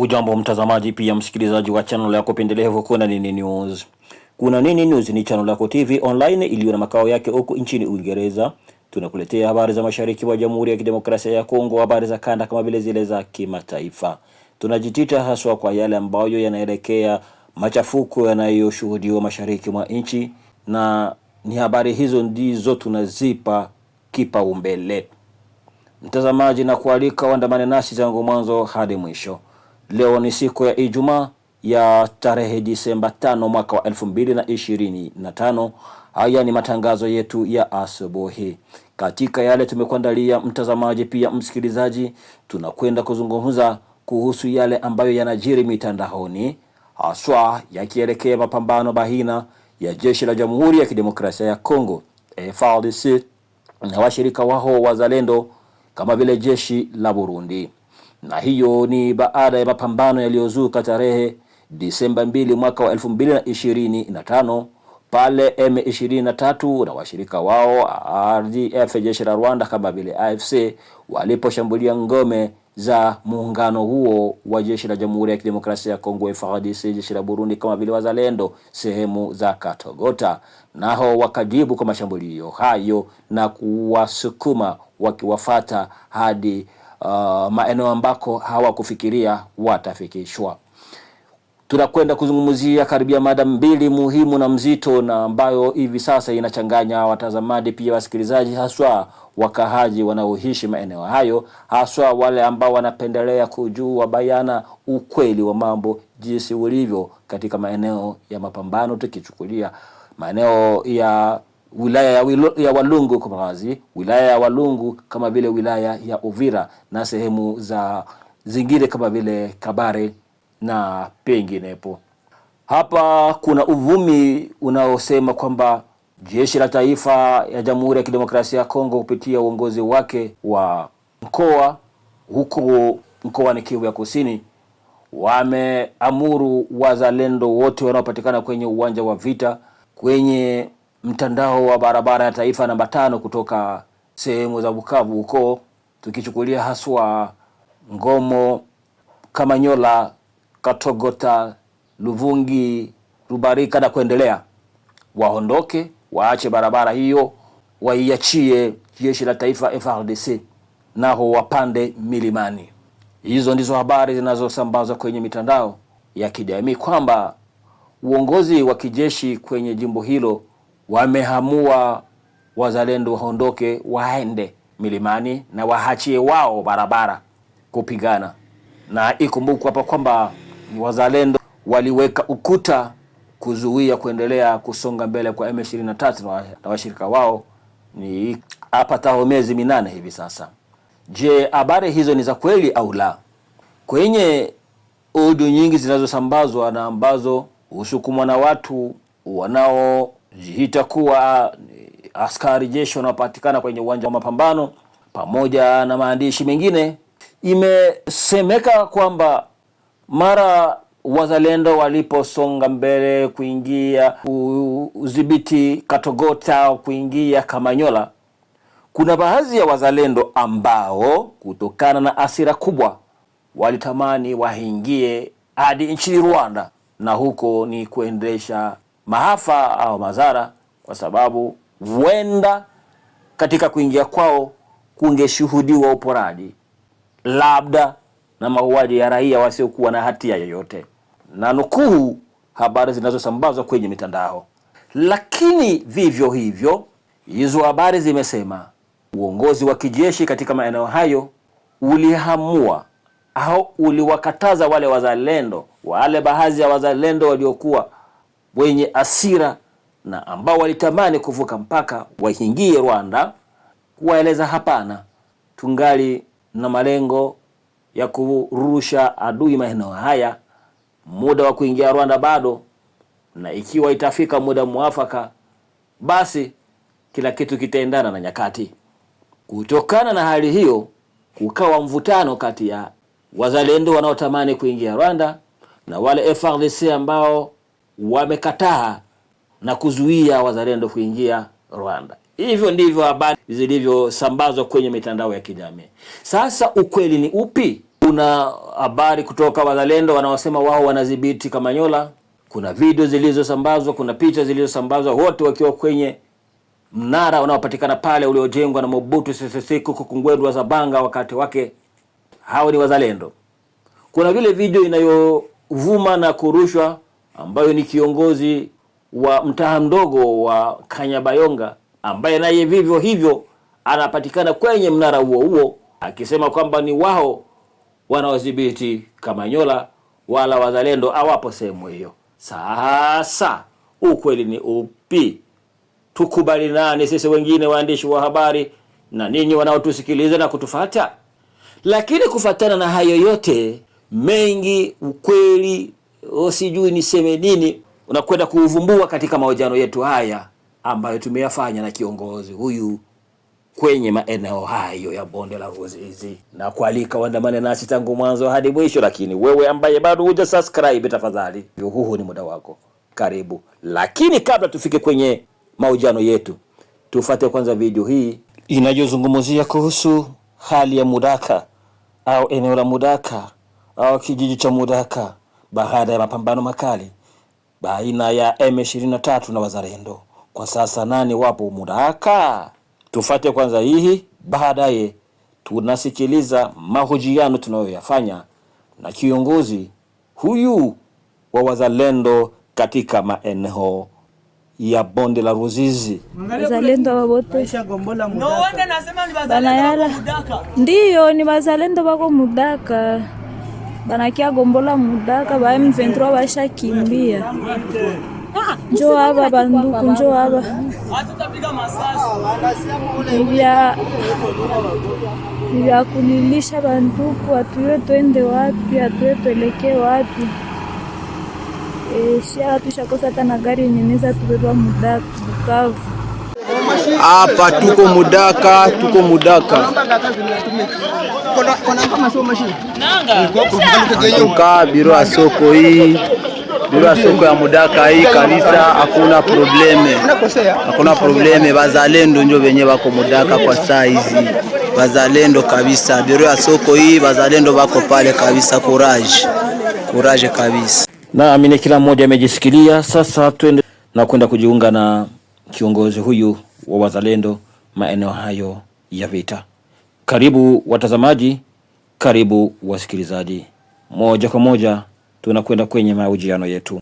Ujambo mtazamaji, pia msikilizaji wa channel yako pendelevu Kuna Nini News. Kuna Nini News ni channel yako TV online iliyo na makao yake huko nchini Uingereza. Tunakuletea habari za mashariki mwa Jamhuri ya Kidemokrasia ya Kongo, habari za kanda kama vile zile za kimataifa. Tunajitita haswa kwa yale ambayo yanaelekea machafuko yanayoshuhudiwa mashariki mwa nchi, na ni habari hizo ndizo tunazipa kipaumbele. Mtazamaji, na kualika uandamane nasi tangu mwanzo hadi mwisho. Leo ni siku ya Ijumaa ya tarehe Disemba 5 mwaka wa 2025. Haya ni matangazo yetu ya asubuhi. Katika yale tumekuandalia mtazamaji, pia msikilizaji, tunakwenda kuzungumza kuhusu yale ambayo yanajiri mitandaoni, haswa yakielekea mapambano bahina ya jeshi la Jamhuri ya Kidemokrasia ya Kongo FARDC na washirika wao wazalendo kama vile jeshi la Burundi na hiyo ni baada ya mapambano yaliyozuka tarehe Disemba 2 mwaka wa 2025 pale M23 na washirika wao RDF, jeshi la Rwanda kama vile AFC waliposhambulia ngome za muungano huo wa jeshi la Jamhuri ya Kidemokrasia ya Kongo FARDC, jeshi la Burundi kama vile wazalendo sehemu za Katogota, nao wakajibu kwa mashambulio hayo na kuwasukuma wakiwafata hadi uh, maeneo ambako hawakufikiria watafikishwa. Tunakwenda kuzungumzia karibia mada mbili muhimu na mzito na ambayo hivi sasa inachanganya watazamaji pia wasikilizaji, haswa wakahaji wanaoishi maeneo hayo, haswa wale ambao wanapendelea kujua bayana ukweli wa mambo jinsi ulivyo katika maeneo ya mapambano, tukichukulia maeneo ya wilaya ya, wilo, ya Walungu kumradhi, wilaya ya Walungu kama vile wilaya ya Uvira na sehemu za zingine kama vile Kabare na penginepo. Hapa kuna uvumi unaosema kwamba jeshi la taifa ya Jamhuri ya Kidemokrasia ya Kongo kupitia uongozi wake wa mkoa huko ni Kivu ya Kusini wameamuru wazalendo wote wanaopatikana kwenye uwanja wa vita kwenye mtandao wa barabara ya taifa namba tano kutoka sehemu za Bukavu huko, tukichukulia haswa Ngomo, Kamanyola, Katogota, Luvungi, Rubarika na kuendelea, waondoke waache barabara hiyo, waiachie jeshi la taifa frdc nao wapande milimani. Hizo ndizo habari zinazosambazwa kwenye mitandao ya kijamii kwamba uongozi wa kijeshi kwenye jimbo hilo wamehamua wazalendo waondoke, waende milimani na waachie wao barabara kupigana. Na ikumbukwa hapa kwamba wazalendo waliweka ukuta kuzuia kuendelea kusonga mbele kwa M23 na washirika wao ni tao miezi minane hivi sasa. Je, habari hizo ni za kweli au la? Kwenye udu nyingi zinazosambazwa na ambazo husukumwa na watu wanao itakuwa askari jeshi wanaopatikana kwenye uwanja wa mapambano pamoja na maandishi mengine. Imesemeka kwamba mara wazalendo waliposonga mbele kuingia udhibiti Katogota, kuingia Kamanyola, kuna baadhi ya wazalendo ambao kutokana na asira kubwa walitamani waingie hadi nchini Rwanda, na huko ni kuendesha maafa au madhara, kwa sababu huenda katika kuingia kwao kungeshuhudiwa uporaji, labda na mauaji ya raia wasiokuwa na hatia yoyote, na nukuu habari zinazosambazwa kwenye mitandao. Lakini vivyo hivyo, hizo habari zimesema uongozi wa kijeshi katika maeneo hayo ulihamua au uliwakataza wale wazalendo, wale baadhi ya wazalendo waliokuwa wenye asira na ambao walitamani kuvuka mpaka waingie Rwanda, kuwaeleza hapana, tungali na malengo ya kurusha adui maeneo haya, muda wa kuingia Rwanda bado, na ikiwa itafika muda mwafaka, basi kila kitu kitaendana na nyakati. Kutokana na hali hiyo, kukawa mvutano kati ya wazalendo wanaotamani kuingia Rwanda na wale FARDC ambao wamekataa na kuzuia wazalendo kuingia Rwanda. Hivyo ndivyo habari zilivyosambazwa kwenye mitandao ya kijamii. Sasa ukweli ni upi? Kuna habari kutoka wazalendo wanaosema wao wanadhibiti Kamanyola, kuna video zilizosambazwa, kuna picha zilizosambazwa, wote wakiwa kwenye mnara unaopatikana pale uliojengwa na Mobutu Sese Seko Kuku wa Zabanga wakati wake. Hao ni wazalendo. Kuna vile video inayovuma na kurushwa ambayo ni kiongozi wa mtaa mdogo wa Kanyabayonga ambaye naye vivyo hivyo anapatikana kwenye mnara huo huo akisema kwamba ni wao wanaodhibiti Kamanyola wala wazalendo hawapo sehemu hiyo. Sasa ukweli ni upi? Tukubali nani sisi wengine waandishi wa habari na ninyi wanaotusikiliza na kutufata? Lakini kufatana na hayo yote mengi, ukweli Oh, sijui niseme nini, unakwenda kuuvumbua katika mahojiano yetu haya ambayo tumeyafanya na kiongozi huyu kwenye maeneo hayo ya bonde la Ruzizi na kualika uandamane nasi tangu mwanzo hadi mwisho. Lakini wewe ambaye bado huja subscribe, tafadhali, huu ni muda wako, karibu. Lakini kabla tufike kwenye mahojiano yetu, tufate kwanza video hii inayozungumzia kuhusu hali ya Mudaka au eneo la Mudaka au kijiji cha Mudaka baada ya mapambano makali baina ya M23 na wazalendo. Kwa sasa nani wapo mudaka Tufate kwanza hii, baadaye tunasikiliza mahojiano tunayoyafanya na kiongozi huyu wa wazalendo katika maeneo ya bonde la Ruzizi. Wazalendo wote banayala, ndiyo ni wazalendo wako mudaka banakia gombola mudaka ba M23 bashakimbia. Njo hapa banduku, njo hapa vya kulilisha banduku, atuye twende wapi? Atuye tweleke wapi? E, shia watu hata na gari yenye inaweza tubeba mudaka Bukavu. Hapa tuko Mudaka, tuko Mudaka atukaa biro ya soko hii, biro ya soko ya Mudaka hii kabisa, hakuna probleme, hakuna probleme. Bazalendo njo venye bako Mudaka kwa saa hizi, bazalendo kabisa. Biro ya soko hii bazalendo bako pale kabisa, courage, courage kabisa. amine, kila mmoja amejisikilia sasa, twende na kwenda kujiunga na kiongozi huyu wa wazalendo maeneo hayo ya vita. Karibu watazamaji, karibu wasikilizaji, moja kwa moja tunakwenda kwenye mahojiano yetu.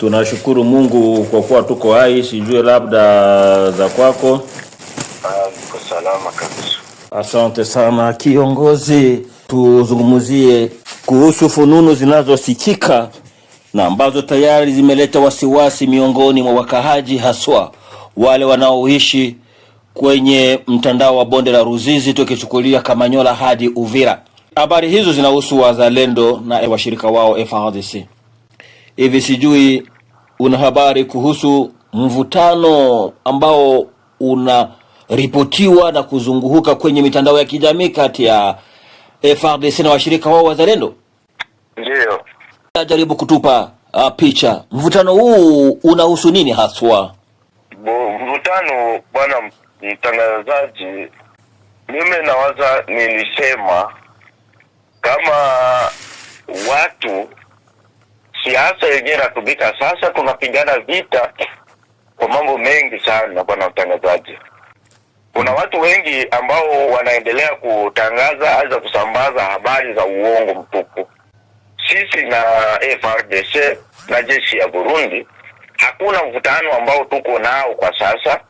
Tunashukuru Mungu kwa kuwa tuko hai, sijue labda za kwako. Salama kabisa. Asante sana kiongozi, tuzungumzie kuhusu fununu zinazosikika na ambazo tayari zimeleta wasiwasi miongoni mwa wakahaji haswa wale wanaoishi kwenye mtandao wa bonde la Ruzizi tukichukulia Kamanyola hadi Uvira. Habari hizo zinahusu wazalendo na washirika wao frdc Hivi sijui una habari kuhusu mvutano ambao unaripotiwa na kuzunguhuka kwenye mitandao ya kijamii kati ya frdc na washirika wao wazalendo? ajaribu kutupa uh, picha mvutano huu unahusu nini haswa? Bo, mvutano bwana mtangazaji, mimi nawaza nilisema kama watu siasa yenyewe inatumika sasa, tunapigana vita kwa mambo mengi sana, bwana mtangazaji. Kuna watu wengi ambao wanaendelea kutangaza aza kusambaza habari za uongo mtupu sisi na FRDC na jeshi ya Burundi hakuna mvutano ambao tuko nao kwa sasa,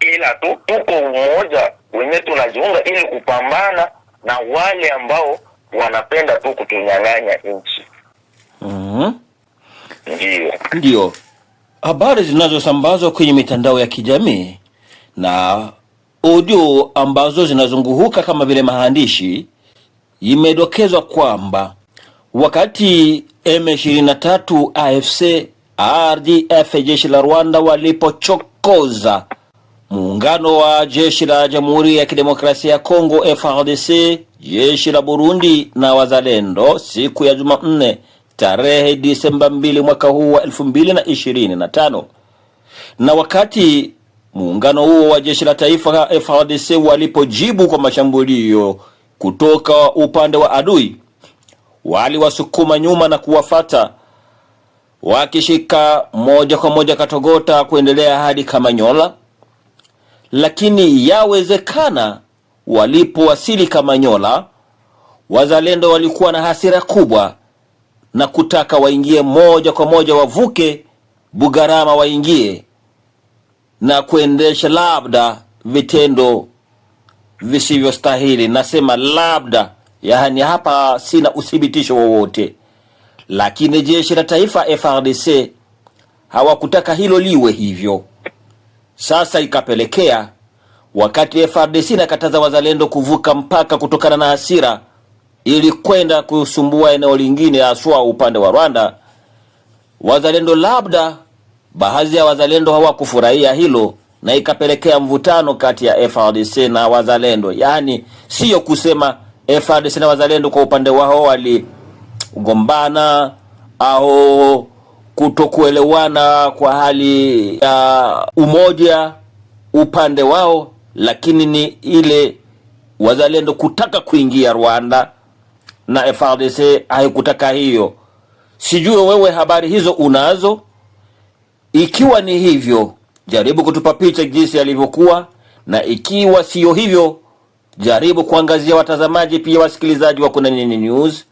ila tu tuko umoja wenye tunajiunga ili kupambana na wale ambao wanapenda tu kutunyang'anya nchi. Mm -hmm. Ndio, ndio habari zinazosambazwa kwenye mitandao ya kijamii na audio ambazo zinazunguhuka kama vile maandishi, imedokezwa kwamba Wakati M23 AFC RDF jeshi la Rwanda walipochokoza muungano wa jeshi la Jamhuri ya Kidemokrasia ya Kongo frdc jeshi la Burundi na wazalendo siku ya Jumanne tarehe Disemba 2 mwaka huu wa 2025. Na wakati muungano huo wa jeshi la taifa frdc walipojibu kwa mashambulio kutoka upande wa adui, waliwasukuma nyuma na kuwafata wakishika moja kwa moja Katogota kuendelea hadi Kamanyola, lakini yawezekana walipowasili Kamanyola, wazalendo walikuwa na hasira kubwa na kutaka waingie moja kwa moja, wavuke Bugarama waingie na kuendesha labda vitendo visivyostahili. Nasema labda yaani hapa sina uthibitisho wowote, lakini jeshi la taifa frdc hawakutaka hilo liwe hivyo. Sasa ikapelekea wakati frdc inakataza wazalendo kuvuka mpaka kutokana na hasira ili kwenda kusumbua eneo lingine, haswa upande wa Rwanda, wazalendo labda baadhi ya wazalendo hawakufurahia hilo, na ikapelekea mvutano kati ya frdc na wazalendo, yaani siyo kusema FARDC na wazalendo kwa upande wao waligombana au kutokuelewana kwa hali ya umoja upande wao, lakini ni ile wazalendo kutaka kuingia Rwanda na FARDC haikutaka hiyo. Sijui wewe habari hizo unazo? Ikiwa ni hivyo, jaribu kutupa picha jinsi yalivyokuwa, na ikiwa siyo hivyo Jaribu kuangazia watazamaji pia wasikilizaji wa Kuna Nini News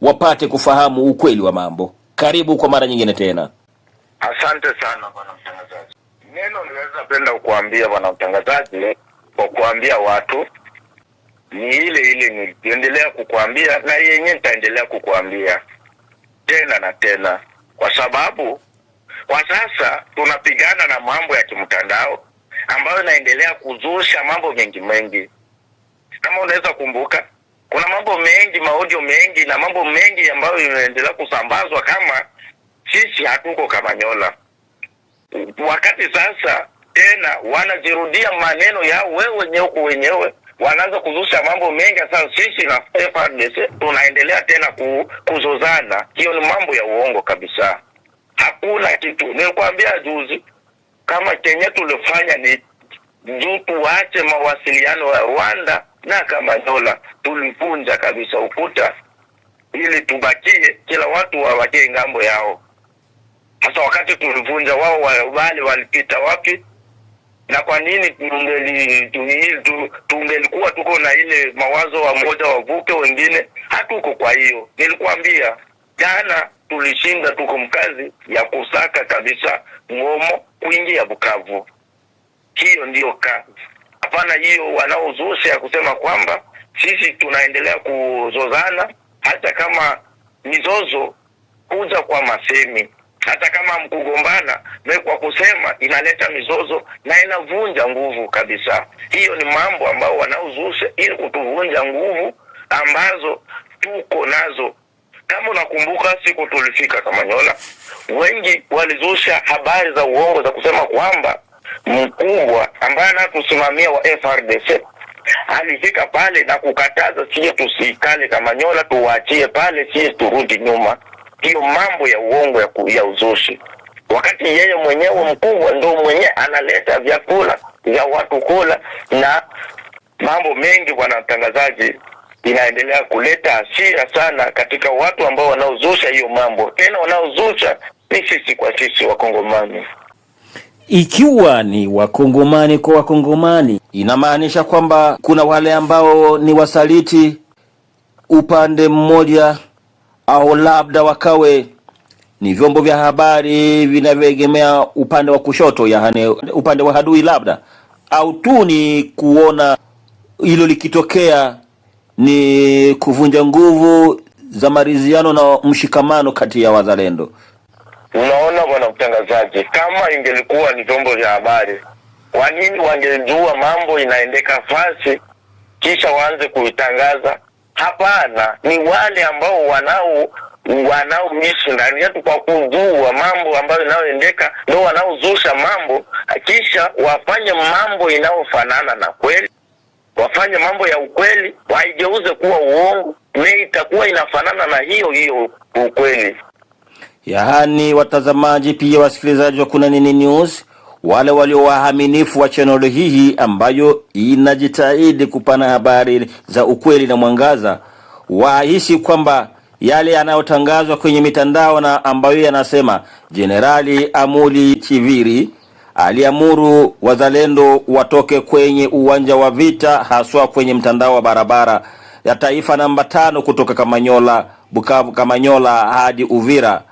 wapate kufahamu ukweli wa mambo. Karibu kwa mara nyingine tena. Asante sana bwana mtangazaji. Neno niweza penda kukuambia bwana mtangazaji, kwa kuambia watu ni ile ile niliendelea kukuambia na yenyewe nitaendelea kukuambia tena na tena, kwa sababu kwa sasa tunapigana na mambo ya kimtandao ambayo inaendelea kuzusha mambo mengi mengi kama unaweza kumbuka, kuna mambo mengi, maudio mengi na mambo mengi ambayo inaendelea kusambazwa kama sisi hatuko Kamanyola, wakati sasa tena wanajirudia maneno ya wewe wenyewe kwa wenyewe, wanaanza kuzusha mambo mengi. Sasa sisi na FARDC tunaendelea tena ku, kuzozana. Hiyo ni mambo ya uongo kabisa, hakuna kitu. Nilikwambia juzi kama kenye tulifanya ni juu tuache mawasiliano ya Rwanda na kama dola tulivunja kabisa ukuta ili tubakie kila watu wawakie ngambo yao. Sasa wakati tulivunja, wao wale walipita wapi? Na kwa nini tungelikuwa tuko na ile mawazo wa moja wavuke wengine? Hatuko. Kwa hiyo nilikwambia jana, tulishinda tuko mkazi ya kusaka kabisa Ngomo kuingia Bukavu. Hiyo ndiyo kazi hapana hiyo wanaozusha ya kusema kwamba sisi tunaendelea kuzozana, hata kama mizozo kuja kwa masemi, hata kama mkugombana me kwa kusema inaleta mizozo na inavunja nguvu kabisa. Hiyo ni mambo ambayo wanaozusha ili kutuvunja nguvu ambazo tuko nazo. Kama unakumbuka siku tulifika Kamanyola, wengi walizusha habari za uongo za kusema kwamba mkubwa ambaye anakusimamia wa FRDC alifika pale na kukataza sie tusikale Kamanyola, tuwaachie pale, sie turudi nyuma. Hiyo mambo ya uongo ya, ya uzushi, wakati yeye mwenyewe mkubwa ndio mwenyewe analeta vyakula vya watu kula na mambo mengi. Bwana mtangazaji, inaendelea kuleta hasira sana katika watu ambao wanaozusha hiyo mambo, tena wanaozusha ni sisi kwa sisi Wakongomani ikiwa ni wakongomani kwa wakongomani, inamaanisha kwamba kuna wale ambao ni wasaliti upande mmoja, au labda wakawe ni vyombo vya habari vinavyoegemea upande wa kushoto, yaani upande wa adui, labda au tu ni kuona hilo likitokea ni kuvunja nguvu za maridhiano na mshikamano kati ya wazalendo. Unaona bwana mtangazaji, kama ingelikuwa ni vyombo vya habari, kwa nini wangejua mambo inaendeka fasi kisha waanze kuitangaza? Hapana, ni wale ambao wanao wanaoishi ndani yetu kwa kujua mambo ambayo inayoendeka, ndio wanaozusha mambo, kisha wafanye mambo inayofanana na kweli, wafanye mambo ya ukweli, waigeuze kuwa uongo, na itakuwa inafanana na hiyo hiyo ukweli. Yaani watazamaji pia wasikilizaji wa Kuna Nini News, wale walio waaminifu wa chaneli hii ambayo inajitahidi kupana habari za ukweli na mwangaza, wahisi kwamba yale yanayotangazwa kwenye mitandao na ambayo yanasema Jenerali Amuli Chiviri aliamuru wazalendo watoke kwenye uwanja wa vita, haswa kwenye mtandao wa barabara ya taifa namba tano kutoka Kamanyola Bukavu, Kamanyola hadi Uvira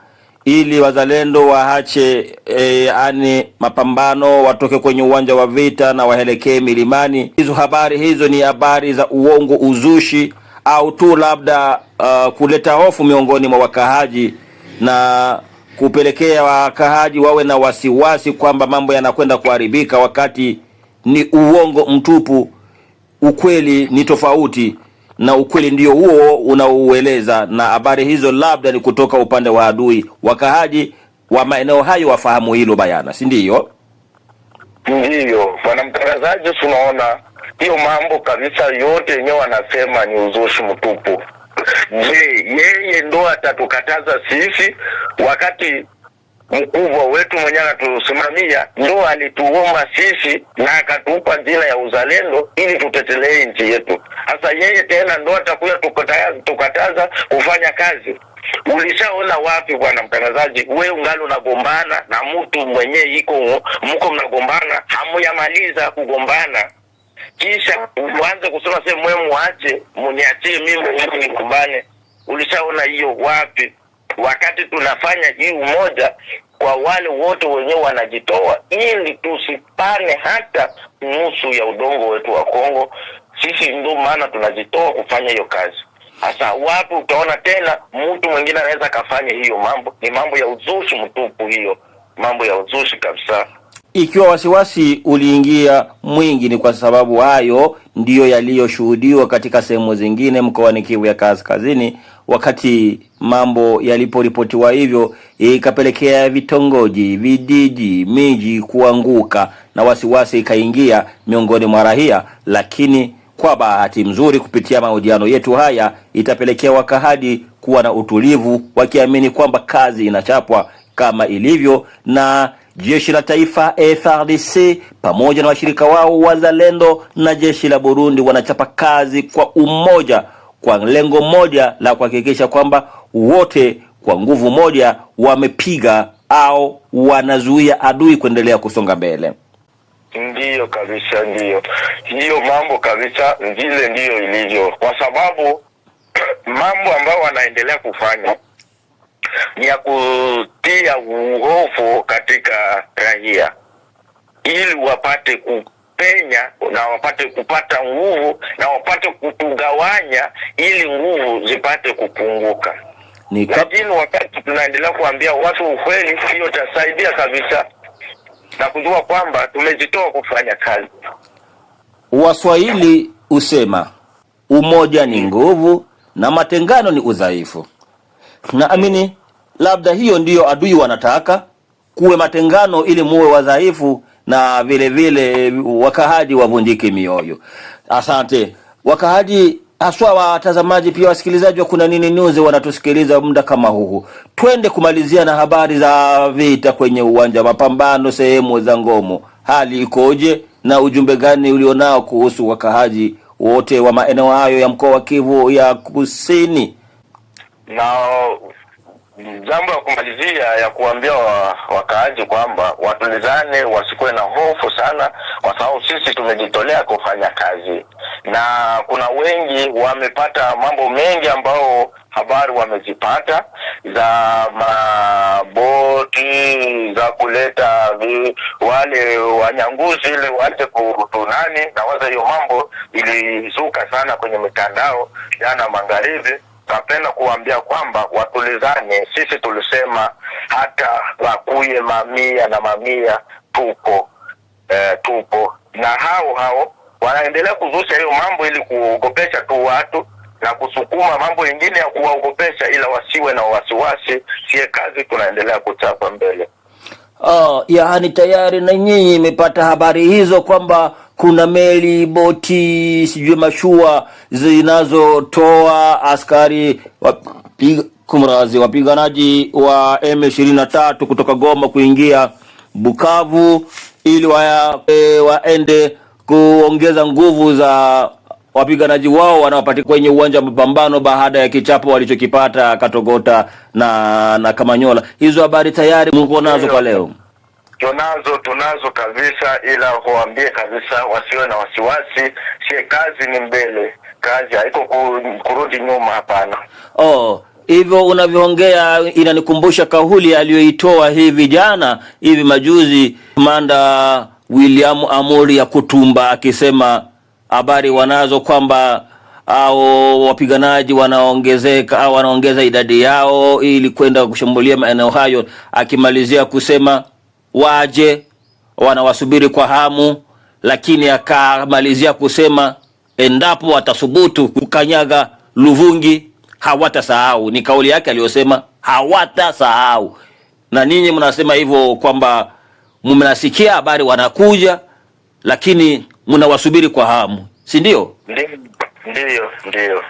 ili wazalendo waache e, yani mapambano, watoke kwenye uwanja wa vita na waelekee milimani. Hizo habari hizo ni habari za uongo, uzushi au tu labda uh, kuleta hofu miongoni mwa wakahaji na kupelekea wakahaji wawe na wasiwasi kwamba mambo yanakwenda kuharibika, wakati ni uongo mtupu. Ukweli ni tofauti na ukweli ndio huo unaoueleza, na habari hizo labda ni kutoka upande wa adui. Wakahaji wa maeneo hayo wafahamu hilo bayana, si ndiyo? Ndiyo bwana mtangazaji, tunaona hiyo mambo kabisa yote yenyewe wanasema ni uzushi mtupu. Je, yeye ndo atatukataza sisi wakati mkubwa wetu mwenye anatusimamia ndo alituomba sisi na akatupa jina ya uzalendo ili tutetelee nchi yetu. Sasa yeye tena ndo atakuya tukataza, kufanya kazi. Ulishaona wapi bwana mtangazaji? We ungali unagombana na mtu mwenye iko mko mnagombana, hamuyamaliza kugombana kisha uanze kusema sehemu mwe mwache muniachie mimi nigombane. Ulishaona hiyo wapi? wakati tunafanya hii moja kwa wale wote wenyewe wanajitoa, ili tusipane hata nusu ya udongo wetu wa Kongo. Sisi ndio maana tunajitoa kufanya hiyo kazi. Sasa wapi utaona tena mtu mwingine anaweza akafanya hiyo mambo? Ni mambo ya uzushi mtupu, hiyo mambo ya uzushi kabisa. Ikiwa wasiwasi uliingia mwingi, ni kwa sababu hayo ndiyo yaliyoshuhudiwa katika sehemu zingine mkoani Kivu ya Kaskazini wakati mambo yaliporipotiwa hivyo, ikapelekea vitongoji, vijiji, miji kuanguka na wasiwasi ikaingia miongoni mwa raia, lakini kwa bahati mzuri kupitia mahojiano yetu haya itapelekea wakahadi kuwa na utulivu, wakiamini kwamba kazi inachapwa kama ilivyo na jeshi la taifa frdc pamoja na washirika wao wazalendo na jeshi la Burundi wanachapa kazi kwa umoja kwa lengo moja la kuhakikisha kwamba wote kwa nguvu moja wamepiga au wanazuia adui kuendelea kusonga mbele. Ndiyo kabisa, ndiyo hiyo mambo kabisa, vile ndiyo ilivyo, kwa sababu mambo ambayo wanaendelea kufanya ni ya kutia uhofu katika raia ili wapate ku kupenya na wapate kupata nguvu na wapate kutugawanya ili nguvu zipate kupunguka. Lakini wakati tunaendelea kuambia watu ukweli, hiyo tasaidia kabisa na kujua kwamba tumejitoa kufanya kazi. Waswahili husema umoja ni nguvu na matengano ni udhaifu. Naamini labda hiyo ndiyo adui wanataka kuwe matengano, ili muwe wadhaifu na vile vile wakahadi wavunjike mioyo. Asante wakahadi, haswa watazamaji pia wasikilizaji wa Kuna Nini News wanatusikiliza muda kama huu. Twende kumalizia na habari za vita kwenye uwanja wa mapambano sehemu za Ngomo, hali ikoje na ujumbe gani ulionao kuhusu wakahaji wote wa maeneo hayo ya mkoa wa Kivu ya Kusini? Na jambo ya kumalizia ya kuambia wa, wakaaji kwamba watulizane, wasikuwe na hofu sana, kwa sababu sisi tumejitolea kufanya kazi, na kuna wengi wamepata mambo mengi ambao habari wamezipata za maboti za kuleta vi, wale wanyanguzi ili waje kutunani na waza hiyo mambo ilizuka sana kwenye mitandao jana magharibi Napenda kuwaambia kwamba watulizane, sisi tulisema hata wakuye mamia na mamia, tupo eh, tupo na hao hao wanaendelea kuzusha hiyo mambo ili kuogopesha tu watu na kusukuma mambo yengine ya kuwaogopesha, ila wasiwe na wasiwasi, sie kazi tunaendelea kuchapa mbele. Oh, yaani tayari na nyinyi imepata habari hizo kwamba kuna meli, boti, sijui mashua zinazotoa askari wapiga kumrazi wapiganaji wa M23 kutoka Goma kuingia Bukavu ili waya, e, waende kuongeza nguvu za wapiganaji wao wanaopatikana kwenye uwanja wa mapambano baada ya kichapo walichokipata Katogota na, na Kamanyola. Hizo habari tayari mko nazo kwa leo. Tunazo, tunazo kabisa, ila huambie kabisa wasiwe na wasiwasi. Sie kazi ni mbele, kazi haiko kurudi nyuma, hapana. Oh, hivyo unavyoongea inanikumbusha kauli aliyoitoa hivi jana hivi majuzi Manda William Amuri ya Kutumba akisema habari wanazo kwamba au wapiganaji wanaongezeka au wanaongeza idadi yao ili kwenda kushambulia maeneo hayo, akimalizia kusema waje wanawasubiri kwa hamu, lakini akamalizia kusema endapo watathubutu kukanyaga Luvungi hawatasahau. Ni kauli yake aliyosema, hawatasahau. Na ninyi mnasema hivyo kwamba mmenasikia habari wanakuja, lakini mnawasubiri kwa hamu, si ndio? Ndio, ndio.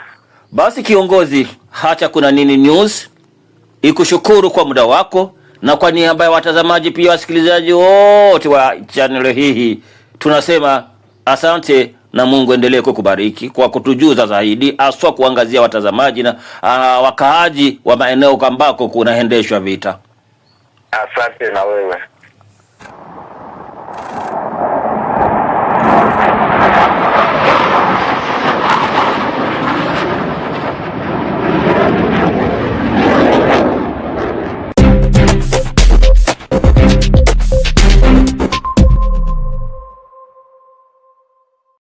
Basi kiongozi, Hacha Kuna Nini News ikushukuru kwa muda wako na kwa niaba ya watazamaji pia wasikilizaji wote wa chanelo hii tunasema asante na Mungu endelee kukubariki kwa kutujuza zaidi, aswa kuangazia watazamaji na uh, wakaaji wa maeneo ambako kunaendeshwa vita. Asante na wewe.